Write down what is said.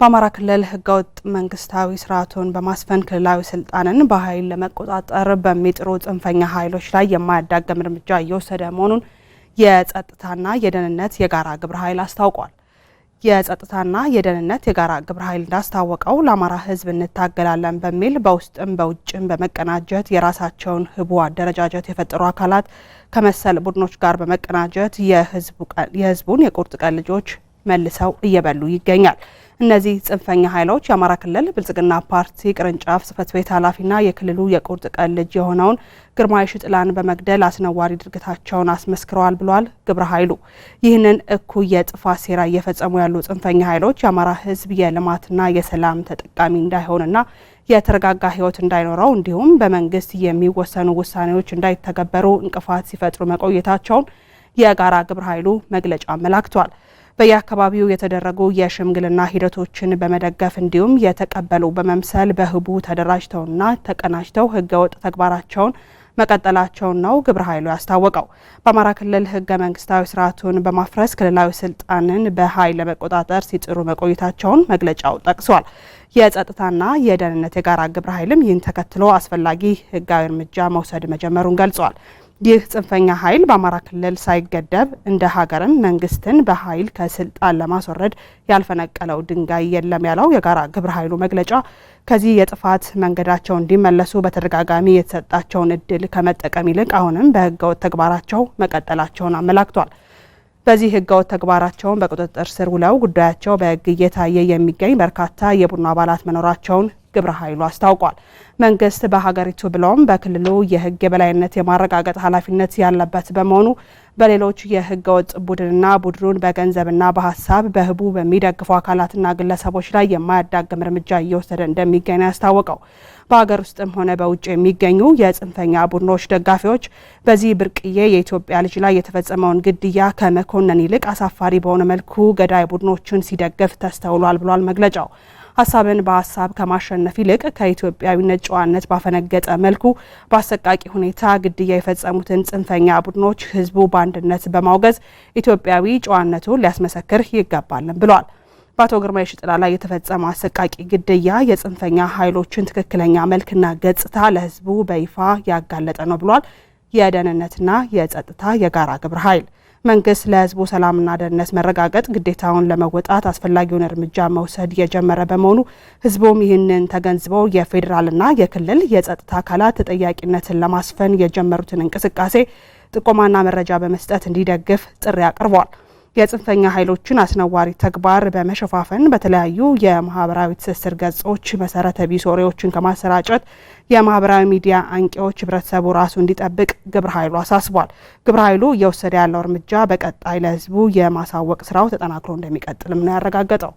በአማራ ክልል ህገወጥ መንግስታዊ ስርዓቱን በማስፈን ክልላዊ ስልጣንን በኃይል ለመቆጣጠር በሚጥሩ ጽንፈኛ ኃይሎች ላይ የማያዳግም እርምጃ እየወሰደ መሆኑን የጸጥታና የደህንነት የጋራ ግብረ ኃይል አስታውቋል። የጸጥታና የደህንነት የጋራ ግብረ ኃይል እንዳስታወቀው ለአማራ ህዝብ እንታገላለን በሚል በውስጥም በውጭም በመቀናጀት የራሳቸውን ህቡ አደረጃጀት የፈጠሩ አካላት ከመሰል ቡድኖች ጋር በመቀናጀት የህዝቡን የቁርጥ ቀን ልጆች መልሰው እየበሉ ይገኛል። እነዚህ ጽንፈኛ ኃይሎች የአማራ ክልል ብልጽግና ፓርቲ ቅርንጫፍ ጽህፈት ቤት ኃላፊና የክልሉ የቁርጥ ቀን ልጅ የሆነውን ግርማይ ሽጥላን በመግደል አስነዋሪ ድርጊታቸውን አስመስክረዋል ብሏል ግብረ ኃይሉ። ይህንን እኩይ የጥፋት ሴራ እየፈጸሙ ያሉ ጽንፈኛ ኃይሎች የአማራ ህዝብ የልማትና የሰላም ተጠቃሚ እንዳይሆንና የተረጋጋ ህይወት እንዳይኖረው እንዲሁም በመንግስት የሚወሰኑ ውሳኔዎች እንዳይተገበሩ እንቅፋት ሲፈጥሩ መቆየታቸውን የጋራ ግብረ ኃይሉ መግለጫ አመላክቷል። በየአካባቢው የተደረጉ የሽምግልና ሂደቶችን በመደገፍ እንዲሁም የተቀበሉ በመምሰል በህቡ ተደራጅተውና ተቀናጅተው ህገወጥ ተግባራቸውን መቀጠላቸውን ነው ግብረ ኃይሉ ያስታወቀው። በአማራ ክልል ህገ መንግስታዊ ስርዓቱን በማፍረስ ክልላዊ ስልጣንን በኃይል ለመቆጣጠር ሲጥሩ መቆየታቸውን መግለጫው ጠቅሷል። የጸጥታና የደህንነት የጋራ ግብረ ኃይልም ይህን ተከትሎ አስፈላጊ ህጋዊ እርምጃ መውሰድ መጀመሩን ገልጿል። ይህ ጽንፈኛ ኃይል በአማራ ክልል ሳይገደብ እንደ ሀገርም መንግስትን በኃይል ከስልጣን ለማስወረድ ያልፈነቀለው ድንጋይ የለም ያለው የጋራ ግብረ ኃይሉ መግለጫ ከዚህ የጥፋት መንገዳቸው እንዲመለሱ በተደጋጋሚ የተሰጣቸውን እድል ከመጠቀም ይልቅ አሁንም በህገወጥ ተግባራቸው መቀጠላቸውን አመላክቷል። በዚህ ህገወጥ ተግባራቸውን በቁጥጥር ስር ውለው ጉዳያቸው በህግ እየታየ የሚገኝ በርካታ የቡድኑ አባላት መኖራቸውን ግብረ ኃይሉ አስታውቋል። መንግስት በሀገሪቱ ብለውም በክልሉ የህግ የበላይነት የማረጋገጥ ኃላፊነት ያለበት በመሆኑ በሌሎች የህገ ወጥ ቡድንና ቡድኑን በገንዘብና በሀሳብ በህቡ በሚደግፉ አካላትና ግለሰቦች ላይ የማያዳግም እርምጃ እየወሰደ እንደሚገኝ ያስታወቀው በሀገር ውስጥም ሆነ በውጭ የሚገኙ የጽንፈኛ ቡድኖች ደጋፊዎች በዚህ ብርቅዬ የኢትዮጵያ ልጅ ላይ የተፈጸመውን ግድያ ከመኮነን ይልቅ አሳፋሪ በሆነ መልኩ ገዳይ ቡድኖችን ሲደግፍ ተስተውሏል ብሏል መግለጫው። ሀሳብን በሀሳብ ከማሸነፍ ይልቅ ከኢትዮጵያዊነት ጨዋነት ባፈነገጠ መልኩ በአሰቃቂ ሁኔታ ግድያ የፈጸሙትን ጽንፈኛ ቡድኖች ህዝቡ በአንድነት በማውገዝ ኢትዮጵያዊ ጨዋነቱን ሊያስመሰክር ይገባልን ብለዋል። በአቶ ግርማ የሽጥላ ላይ የተፈጸመው አሰቃቂ ግድያ የጽንፈኛ ኃይሎችን ትክክለኛ መልክና ገጽታ ለህዝቡ በይፋ ያጋለጠ ነው ብሏል። የደህንነትና የጸጥታ የጋራ ግብረ ኃይል መንግስት ለህዝቡ ሰላምና ደህንነት መረጋገጥ ግዴታውን ለመወጣት አስፈላጊውን እርምጃ መውሰድ የጀመረ በመሆኑ ህዝቡም ይህንን ተገንዝበው የፌዴራልና የክልል የጸጥታ አካላት ተጠያቂነትን ለማስፈን የጀመሩትን እንቅስቃሴ ጥቆማና መረጃ በመስጠት እንዲደግፍ ጥሪ አቅርቧል። የጽንፈኛ ኃይሎችን አስነዋሪ ተግባር በመሸፋፈን በተለያዩ የማህበራዊ ትስስር ገጾች መሰረተ ቢስ ወሬዎችን ከማሰራጨት የማህበራዊ ሚዲያ አንቂዎች ህብረተሰቡ ራሱ እንዲጠብቅ ግብረ ኃይሉ አሳስቧል። ግብረ ኃይሉ እየወሰደ ያለው እርምጃ በቀጣይ ለህዝቡ የማሳወቅ ስራው ተጠናክሮ እንደሚቀጥልም ነው ያረጋገጠው።